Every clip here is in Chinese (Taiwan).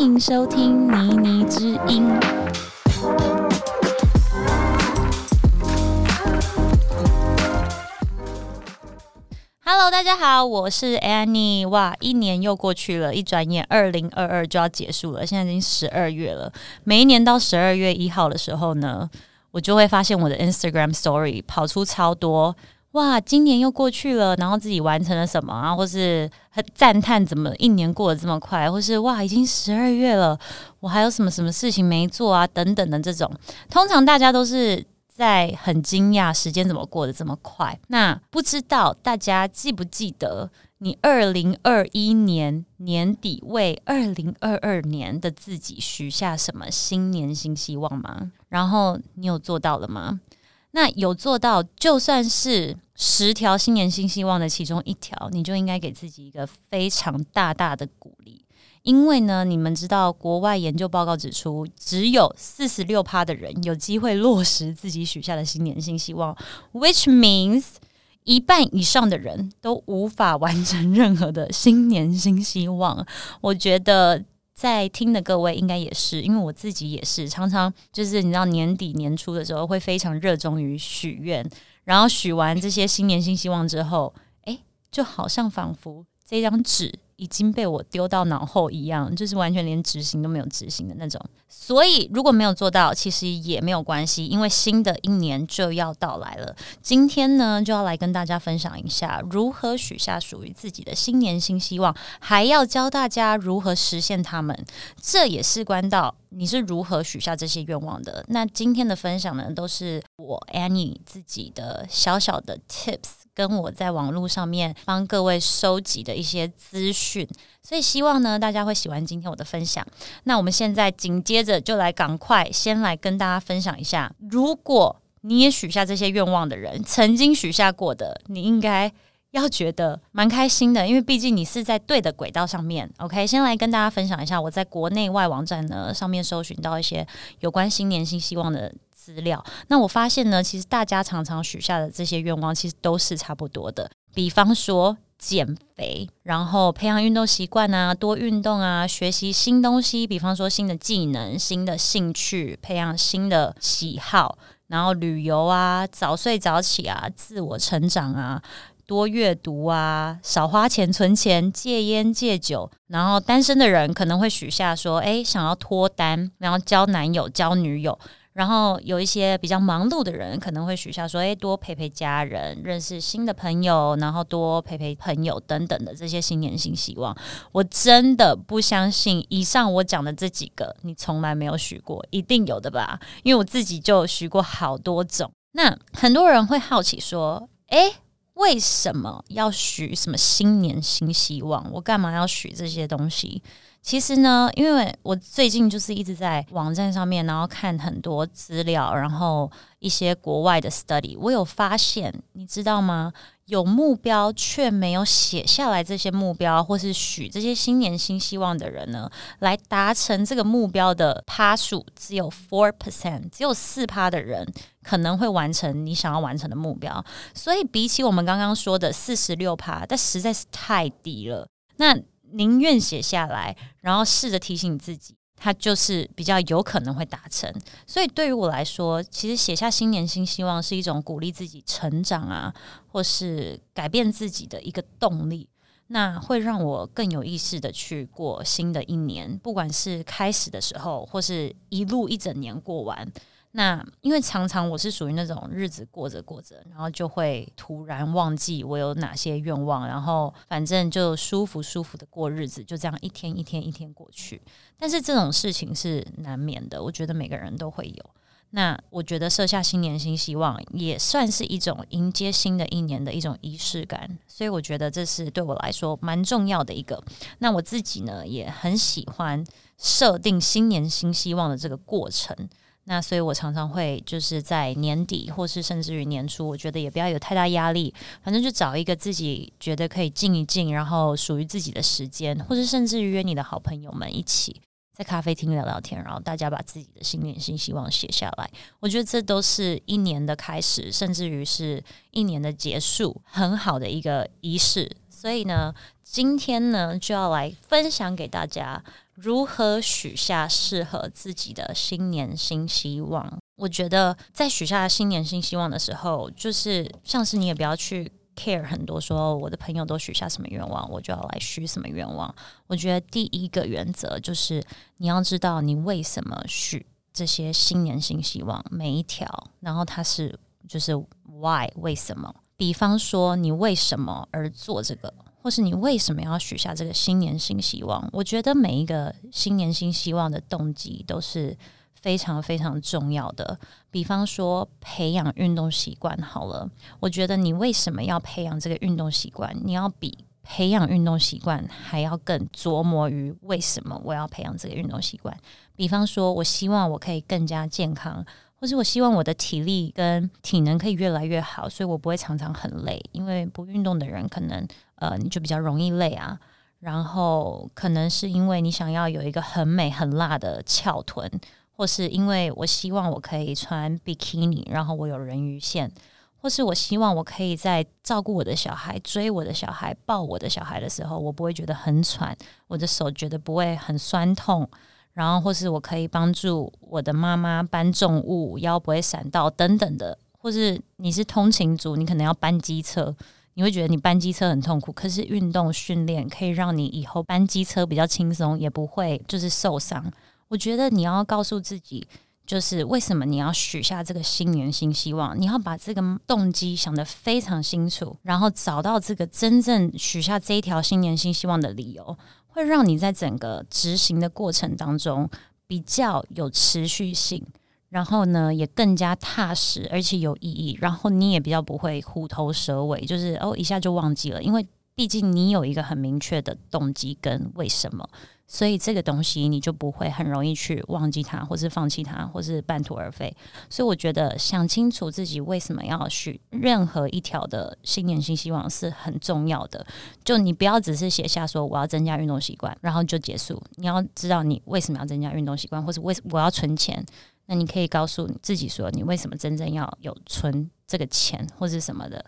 歡迎收聽《妮妮之音》。Hello，大家好，我是 Annie。哇，一年又過去了，一轉眼，二零二二就要結束了。現在已經十二月了。每一年到十二月一號的時候呢，我就會發現我的 Instagram Story 跑出超多。哇，今年又過去了，然後自己完成了什麼啊？或是很讚嘆怎麼一年過得這麼快，或是哇，已經十二月了，我還有什麼什麼事情沒做啊？等等的這種，通常大家都是在很驚訝時間怎麼過得這麼快。那不知道大家記不記得你二零二一年年底為二零二二年的自己許下什麼新年新希望嗎？然後你有做到了嗎？那有做到，就算是十條新年新希望的其中一條，你就應該給自己一個非常大大的鼓勵，因為呢，你們知道，國外研究報告指出，只有四十六趴的人有機會落實自己許下的新年新希望，which means 一半以上的人都無法完成任何的新年新希望。我覺得。在聽的各位應該也是，因為我自己也是，常常就是你知道年底年初的時候會非常熱衷於許願，然後許完這些新年新希望之後，哎、欸，就好像仿佛這張紙。已經被我丟到腦後一樣，就是完全連執行都沒有執行的那種。所以如果沒有做到，其實也沒有關係，因為新的一年就要到來了。今天呢，就要來跟大家分享一下如何許下屬於自己的新年新希望，還要教大家如何實現它們。這也事關到你是如何許下這些願望的。那今天的分享呢，都是。我 Annie 自己的小小的 tips，跟我在網絡上面幫各位收集的一些資訊，所以希望呢，大家會喜歡今天我的分享。那我們現在緊接着就來趕快先來跟大家分享一下，如果你也許下這些願望的人，曾經許下過的，你應該要覺得蠻開心的，因為畢竟你是在對的軌道上面。OK，先來跟大家分享一下，我在國內外網站呢上面搜尋到一些有關新年新希望的。資料。那我發現呢，其實大家常常許下的這些願望，其實都是差不多的。比方說減肥，然後培養運動習慣啊，多運動啊，學習新東西，比方說新的技能、新的興趣，培養新的喜好，然後旅遊啊，早睡早起啊，自我成長啊，多閱讀啊，少花錢存錢，戒菸戒酒。然後單身的人可能會許下說：“欸，想要脫單，然後交男友、交女友。”然後有一些比較忙碌的人，可能會許下說：“誒，多陪陪家人，認識新的朋友，然後多陪陪朋友等等的這些新年新希望。”我真的不相信以上我講的這幾個你從來沒有許過，一定有的吧？因為我自己就許過好多種。那很多人會好奇說：“哎，為什麼要許什麼新年新希望？我幹嘛要許這些東西？”其實呢，因為我最近就是一直在網站上面，然後看很多資料，然後一些國外的 study，我有發現，你知道嗎？有目標卻沒有寫下來這些目標，或是許這些新年新希望的人呢，來達成這個目標的趴數只有 four percent，只有四趴的人可能會完成你想要完成的目標。所以比起我們剛剛說的四十六趴，但實在是太低了。那寧願寫下來，然後試着提醒自己，它就是比較有可能會達成。所以對於我來說，其實寫下新年新希望是一種鼓勵自己成長啊，或是改變自己的一個動力。那會讓我更有意識的去過新的一年，不管是開始的時候，或是一路一整年過完。那因為常常我是屬於那種日子過着過着，然後就會突然忘記我有哪些願望，然後反正就舒服舒服的過日子，就這樣一天一天一天過去。但是這種事情是難免的，我覺得每個人都會有。那我覺得設下新年新希望也算是一種迎接新的一年的一種儀式感，所以我覺得這是對我來說蠻重要的一個。那我自己呢，也很喜歡設定新年新希望的這個過程。那所以，我常常會就是在年底，或是甚至於年初，我覺得也不要有太大壓力，反正就找一個自己覺得可以靜一靜，然後屬於自己的時間，或是甚至於約你的好朋友們一起在咖啡廳聊聊天，然後大家把自己的新年新希望寫下來。我覺得這都是一年的開始，甚至於是一年的結束，很好的一個儀式。所以呢，今天呢，就要來分享給大家如何許下適合自己的新年新希望。我覺得在許下新年新希望的時候，就是像是你也不要去 care 很多，說我的朋友都許下什麼願望，我就要來許什麼願望。我覺得第一個原則就是你要知道你為什麼許這些新年新希望，每一條，然後它是就是 why 為什麼？比方說你為什麼而做這個？或是你為什麼要許下這個新年新希望？我覺得每一個新年新希望的動機都是非常非常重要的。比方說，培養運動習慣好了，我覺得你為什麼要培養這個運動習慣？你要比培養運動習慣還要更琢磨於為什麼我要培養這個運動習慣。比方說，我希望我可以更加健康，或是我希望我的體力跟體能可以越來越好，所以我不會常常很累，因為不運動的人可能。呃，你就比較容易累啊。然後可能是因為你想要有一個很美很辣的翹臀，或是因為我希望我可以穿 bikini，然後我有人魚線，或是我希望我可以在照顧我的小孩、追我的小孩、抱我的小孩的時候，我不會覺得很喘，我的手覺得不會很痠痛。然後或是我可以幫助我的媽媽搬重物，腰不會閃到等等的。或是你是通勤族，你可能要搬機車。你會覺得你搬機車很痛苦，可是運動訓練可以讓你以後搬機車比較輕鬆，也不會就是受傷。我覺得你要告訴自己，就是為什麼你要許下這個新年新希望，你要把這個動機想得非常清楚，然後找到這個真正許下這一條新年新希望的理由，會讓你在整個執行的過程當中比較有持續性。然後呢，也更加踏實，而且有意義。然後你也比較不會虎頭蛇尾，就是哦一下就忘記了，因為畢竟你有一個很明確的動機跟為什麼，所以這個東西你就不會很容易去忘記它，或是放棄它，或是半途而廢。所以我覺得想清楚自己為什麼要許任何一條的新年新希望是很重要的。就你不要只是寫下說我要增加運動習慣，然後就結束。你要知道你為什麼要增加運動習慣，或是為什麼我要存錢。那你可以告訴你自己說，你為什麼真正要有存這個錢或者什麼的，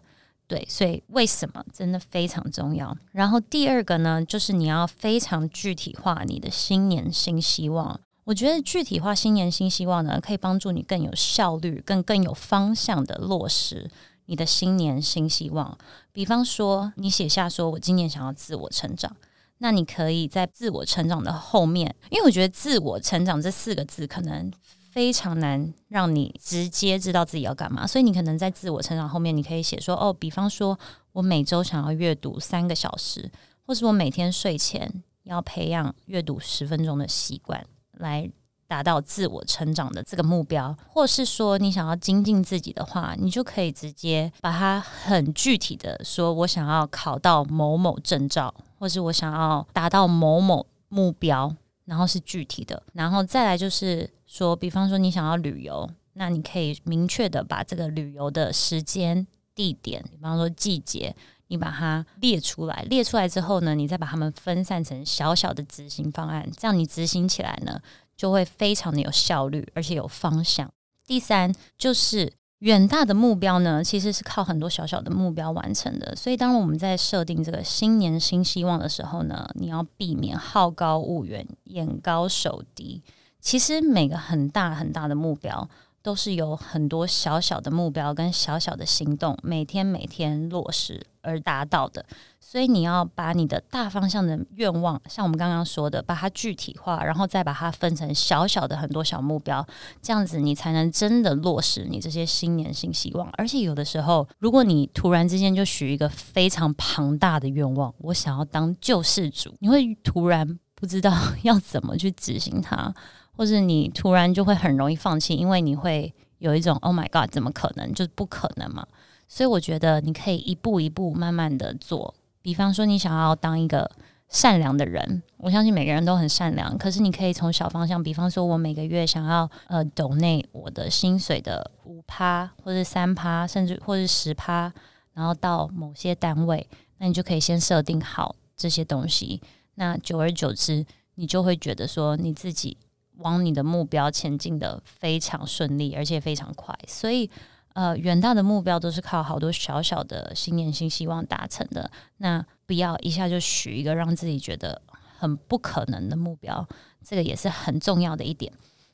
對？所以為什麼真的非常重要。然後第二個呢，就是你要非常具體化你的新年新希望。我覺得具體化新年新希望呢，可以幫助你更有效率、更更有方向的落實你的新年新希望。比方說，你寫下說我今年想要自我成長，那你可以在自我成長的後面，因為我覺得自我成長這四個字可能。非常難讓你直接知道自己要幹嘛，所以你可能在自我成長後面，你可以寫說哦，比方說我每周想要閱讀三個小時，或是我每天睡前要培養閱讀十分鐘的習慣，來達到自我成長的這個目標。或是說你想要精進自己的話，你就可以直接把它很具體的說，我想要考到某某證照，或是我想要達到某某目標。然後是具體的，然後再來就是說，比方說你想要旅遊，那你可以明確的把這個旅遊的時間、地點，比方說季節，你把它列出來。列出來之後呢，你再把它們分散成小小的執行方案，這樣你執行起來呢，就會非常的有效率，而且有方向。第三就是。遠大的目標呢，其實是靠很多小小的目標完成的。所以，當我們在設定這個新年新希望的時候呢，你要避免好高騖遠、眼高手低。其實，每個很大很大的目標。都是有很多小小的目標跟小小的行動，每天每天落實而達到的。所以你要把你的大方向的願望，像我們剛剛說的，把它具體化，然後再把它分成小小的很多小目標，這樣子你才能真的落實你這些新年新希望。而且有的時候，如果你突然之間就許一個非常龐大的願望，我想要當救世主，你會突然不知道要怎麼去執行它。或是你突然就會很容易放棄，因為你會有一種 “Oh my God，怎麼可能？就是不可能嘛。”所以我覺得你可以一步一步慢慢的做。比方說，你想要當一個善良的人，我相信每個人都很善良。可是你可以從小方向，比方說我每個月想要呃，抖內我的薪水的五趴，或者三趴，甚至或是十趴，然後到某些單位，那你就可以先設定好這些東西。那久而久之，你就會覺得說你自己。往你的目標前進的非常順利，而且非常快。所以，呃，遠大的目標都是靠好多小小的新年新希望達成的。那不要一下就許一個讓自己覺得很不可能的目標，這個也是很重要的一點。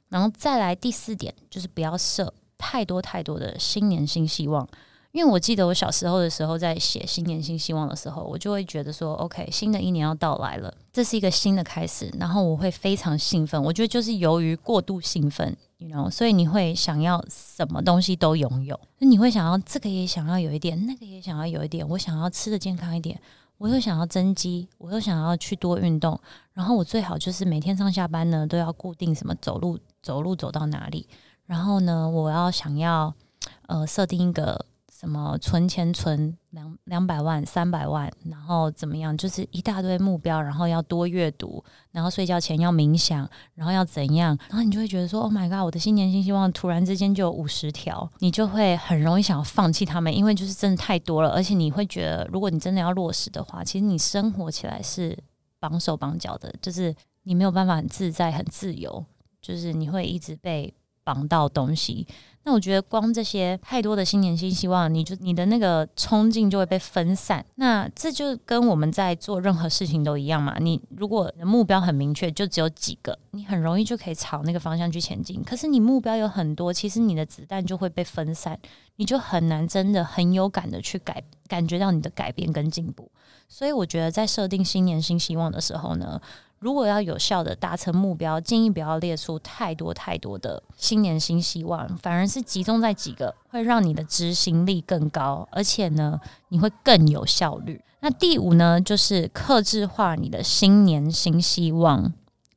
然後再來第四點，就是不要設太多太多的新年新希望。因為我記得我小時候的時候在，在寫新年新希望的時候，我就會覺得說，OK，新的一年要到來了，這是一個新的開始，然後我會非常興奮。我覺得就是由於過度興奮，you know，所以你會想要什麼東西都擁有，那你會想要這個也想要有一點，那個也想要有一點。我想要吃的健康一點，我又想要增肌，我又想要去多運動，然後我最好就是每天上下班呢都要固定什麼走路，走路走到哪裡，然後呢，我要想要呃設定一個。什麼存錢存兩兩百萬三百萬，然後怎麼樣？就是一大堆目標，然後要多閱讀，然後睡覺前要冥想，然後要怎樣？然後你就會覺得說：“Oh my god！” 我的新年新希望突然之間就有五十條，你就會很容易想要放棄他們，因為就是真的太多了，而且你會覺得，如果你真的要落實的話，其實你生活起來是綁手綁腳的，就是你沒有辦法很自在、很自由，就是你會一直被，防盜東西，那我覺得光這些太多的新年新希望，你就你的那個衝勁就會被分散。那這就跟我們在做任何事情都一樣嘛。你如果你的目標很明確，就只有幾個，你很容易就可以朝那個方向去前進。可是你目標有很多，其實你的子彈就會被分散，你就很難真的很有感的去改，感覺到你的改變跟進步。所以我覺得在設定新年新希望的時候呢。如果要有效的達成目標，建議不要列出太多太多的新年新希望，反而是集中在幾個會讓你的執行力更高，而且呢，你會更有效率。那第五呢，就是客製化你的新年新希望，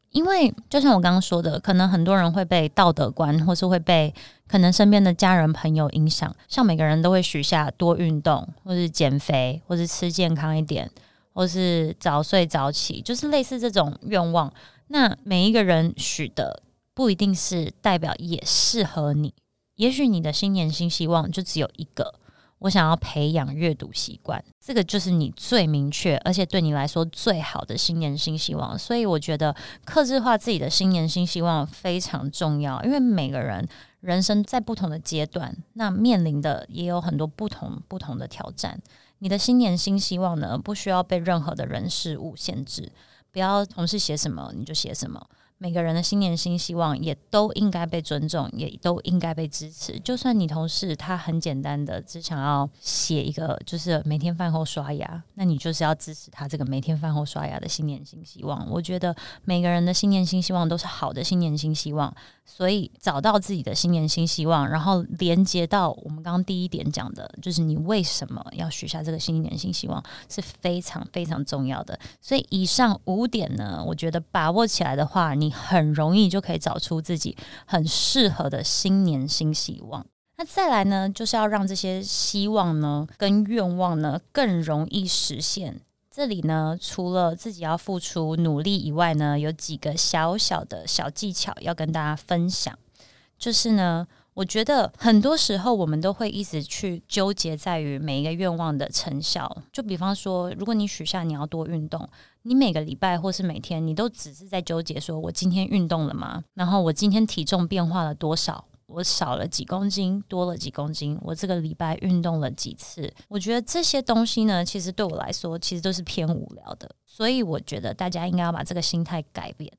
因為就像我剛剛說的，可能很多人會被道德觀，或是會被可能身邊的家人朋友影響，像每個人都會許下多運動，或是減肥，或是吃健康一點。或是早睡早起，就是類似這種願望。那每一個人許的不一定是代表也適合你。也許你的新年新希望就只有一個，我想要培養閱讀習慣。這個就是你最明確，而且對你來說最好的新年新希望。所以我覺得客製化自己的新年新希望非常重要，因為每個人人生在不同的階段，那面臨的也有很多不同不同的挑戰。你的新年新希望呢，不需要被任何的人事物限制，不要同事寫什麼，你就寫什麼。每個人的新年新希望也都應該被尊重，也都應該被支持。就算你同事他很簡單的只想要寫一個，就是每天飯後刷牙，那你就是要支持他這個每天飯後刷牙的新年新希望。我覺得每個人的新年新希望都是好的新年新希望，所以找到自己的新年新希望，然後連接到我們剛剛第一點講的，就是你為什麼要許下這個新年新希望，是非常非常重要的。所以以上五點呢，我覺得把握起來的話，你。很容易就可以找出自己很適合的新年新希望。那再來呢，就是要讓這些希望呢跟願望呢更容易實現。這裡呢，除了自己要付出努力以外呢，有幾個小小的小技巧要跟大家分享，就是呢。我覺得很多時候我們都會一直去糾結在於每一個願望的成效。就比方說，如果你許下你要多運動，你每個禮拜或是每天，你都只是在糾結說：“我今天運動了嗎？”然後我今天體重變化了多少？我少了幾公斤，多了幾公斤？我這個禮拜運動了幾次？我覺得這些東西呢，其實對我來說，其實都是偏無聊的。所以我覺得大家應該要把這個心態改變，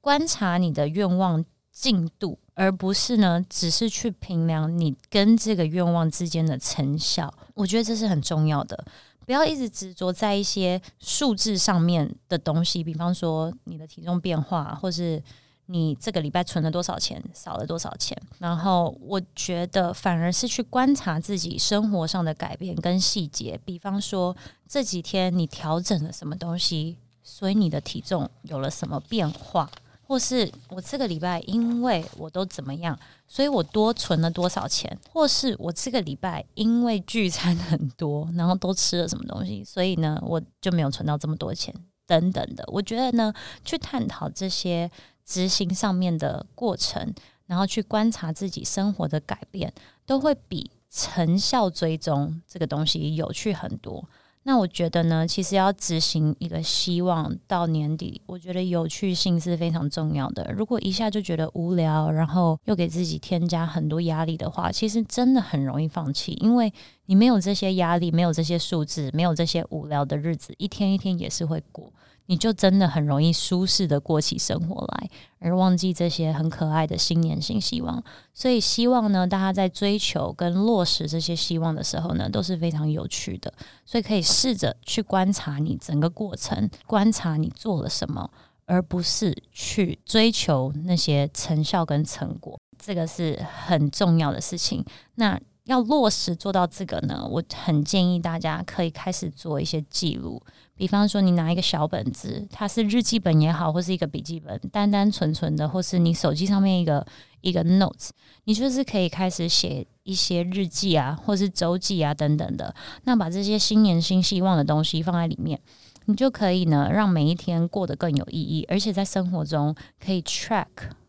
觀察你的願望進度，而不是呢，只是去評量你跟這個願望之間的成效。我覺得這是很重要的，不要一直執着在一些數字上面的東西，比方說你的體重變化，或是你這個禮拜存了多少錢，少了多少錢。然後我覺得反而是去觀察自己生活上的改變跟細節，比方說這幾天你調整了什麼東西，所以你的體重有了什麼變化。或是我這個禮拜因為我都怎麼樣，所以我多存了多少錢？或是我這個禮拜因為聚餐很多，然後都吃了什麼東西，所以呢，我就沒有存到這麼多錢等等的。我覺得呢，去探討這些執行上面的過程，然後去觀察自己生活的改變，都會比成效追蹤這個東西有趣很多。那我覺得呢，其實要執行一個希望到年底，我覺得有趣性是非常重要的。如果一下就覺得無聊，然後又給自己添加很多壓力的話，其實真的很容易放棄。因為你沒有這些壓力，沒有這些數字，沒有這些無聊的日子，一天一天也是會過。你就真的很容易舒適的過起生活來，而忘記這些很可愛的新年新希望。所以希望呢，大家在追求跟落實這些希望的時候呢，都是非常有趣的。所以可以試着去觀察你整個過程，觀察你做了什麼，而不是去追求那些成效跟成果。這個是很重要的事情。那。要落實做到這個呢，我很建議大家可以開始做一些記錄。比方說，你拿一個小本子，它是日記本也好，或是一個筆記本，單單純純的，或是你手機上面一個一個 notes，你就是可以開始寫一些日記啊，或是週記啊等等的。那把這些新年新希望的東西放在裡面，你就可以呢，讓每一天過得更有意義，而且在生活中可以 track，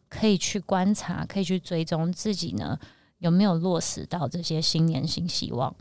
可以去觀察，可以去追蹤自己呢，有沒有落實到這些新年新希望？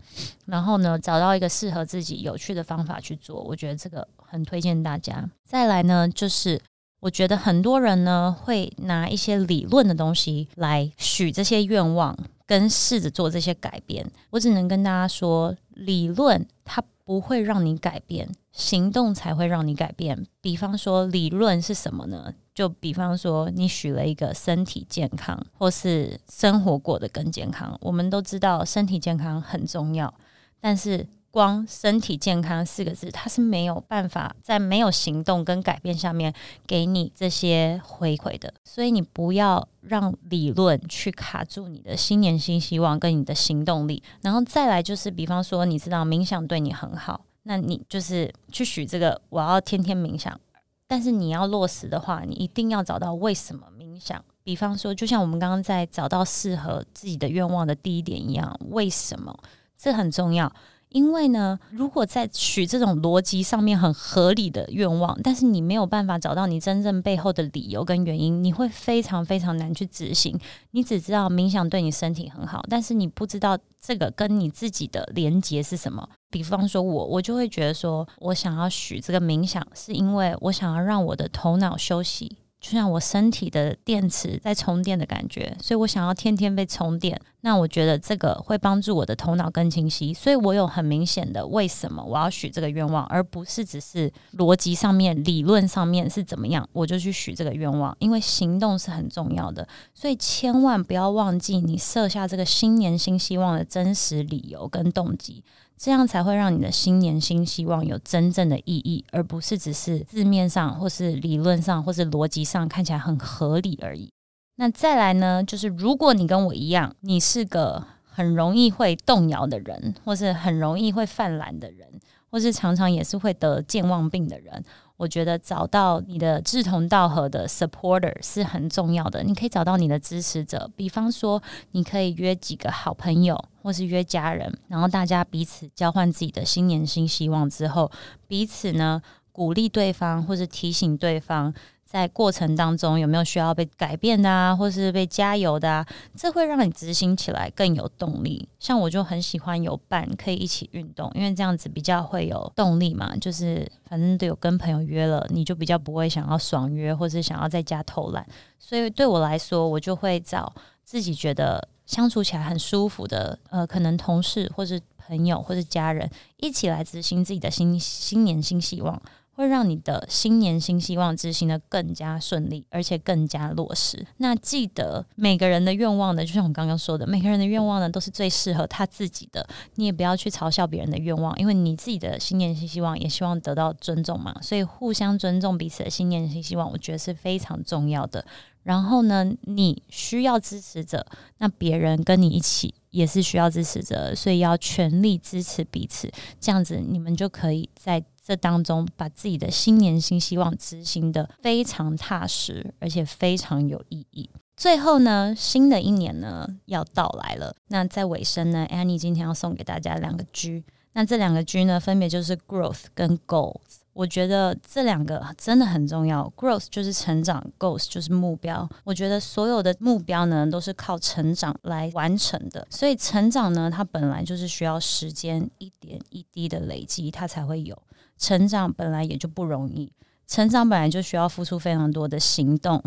然後呢，找到一個適合自己有趣的方法去做，我覺得這個很推薦大家。再來呢，就是我覺得很多人呢會拿一些理論的東西來許這些願望，跟試着做這些改變。我只能跟大家說，理論它不會讓你改變，行動才會讓你改變。比方說，理論是什麼呢？就比方說，你許了一個身體健康，或是生活過得更健康。我們都知道身體健康很重要，但是光“身體健康”四個字，它是沒有辦法在沒有行動跟改變下面給你這些回饋的。所以你不要讓理論去卡住你的新年新希望跟你的行動力。然後再來就是，比方說，你知道冥想對你很好，那你就是去許這個，我要天天冥想。但是你要落實的話，你一定要找到為什麼冥想。比方說，就像我們剛剛在找到適合自己的願望的第一點一樣，為什麼這很重要？因為呢，如果在許這種邏輯上面很合理的願望，但是你沒有辦法找到你真正背後的理由跟原因，你會非常非常難去執行。你只知道冥想對你身體很好，但是你不知道這個跟你自己的連接是什麼。比方說我，我我就會覺得說，我想要許這個冥想，是因為我想要讓我的頭腦休息，就像我身體的電池在充電的感覺，所以我想要天天被充電。那我覺得這個會幫助我的頭腦更清晰，所以我有很明顯的為什麼我要許這個願望，而不是只是邏輯上面、理論上面是怎麼樣，我就去許這個願望。因為行動是很重要的，所以千萬不要忘記你設下這個新年新希望的真實理由跟動機。這樣才會讓你的新年新希望有真正的意義，而不是只是字面上，或是理論上，或是邏輯上看起來很合理而已。那再來呢，就是如果你跟我一樣，你是個很容易會動搖的人，或是很容易會犯懶的人，或是常常也是會得健忘病的人。我覺得找到你的志同道合的 supporter 是很重要的。你可以找到你的支持者，比方說，你可以約幾個好朋友，或是約家人，然後大家彼此交換自己的新年新希望之後，彼此呢鼓勵對方，或是提醒對方。在過程當中有沒有需要被改變的啊，或是被加油的啊？這會讓你執行起來更有動力。像我就很喜歡有伴可以一起運動，因為這樣子比較會有動力嘛。就是反正都有跟朋友約了，你就比較不會想要爽約，或是想要在家偷懶。所以對我來說，我就會找自己覺得相處起來很舒服的，呃，可能同事或是朋友或是家人一起來執行自己的新新年新希望。會讓你的新年新希望執行得更加順利，而且更加落實。那記得每個人的願望呢，就像我剛剛說的，每個人的願望呢都是最適合他自己的。你也不要去嘲笑別人的願望，因為你自己的新年新希望也希望得到尊重嘛。所以互相尊重彼此的新年新希望，我覺得是非常重要的。然後呢，你需要支持者，那別人跟你一起也是需要支持者，所以要全力支持彼此，這樣子你們就可以在。這當中，把自己的新年新希望執行的非常踏實，而且非常有意義。最後呢，新的一年呢要到來了。那在尾聲呢，Annie 今天要送給大家兩個 G。那這兩個 G 呢，分別就是 growth 跟 goals。我覺得這兩個真的很重要。growth 就是成長，goals 就是目標。我覺得所有的目標呢，都是靠成長來完成的。所以成長呢，它本來就是需要時間一點一滴的累積，它才會有。成長本來也就不容易，成長本來就需要付出非常多的行動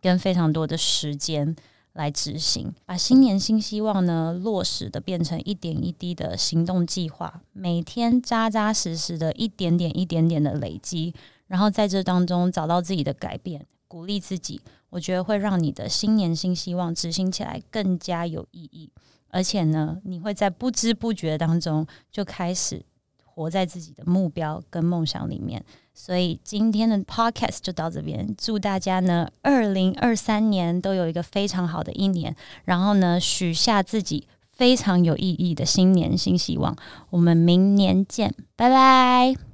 跟非常多的時間來執行。把新年新希望呢落實的變成一點一滴的行動計劃，每天扎扎實實的一點點、一點點的累積，然後在這當中找到自己的改變，鼓勵自己，我覺得會讓你的新年新希望執行起來更加有意義，而且呢，你會在不知不覺當中就開始。活在自己的目標跟夢想裡面，所以今天的 podcast 就到這邊。祝大家呢，二零二三年都有一個非常好的一年，然後呢，許下自己非常有意義的新年新希望。我們明年見，拜拜。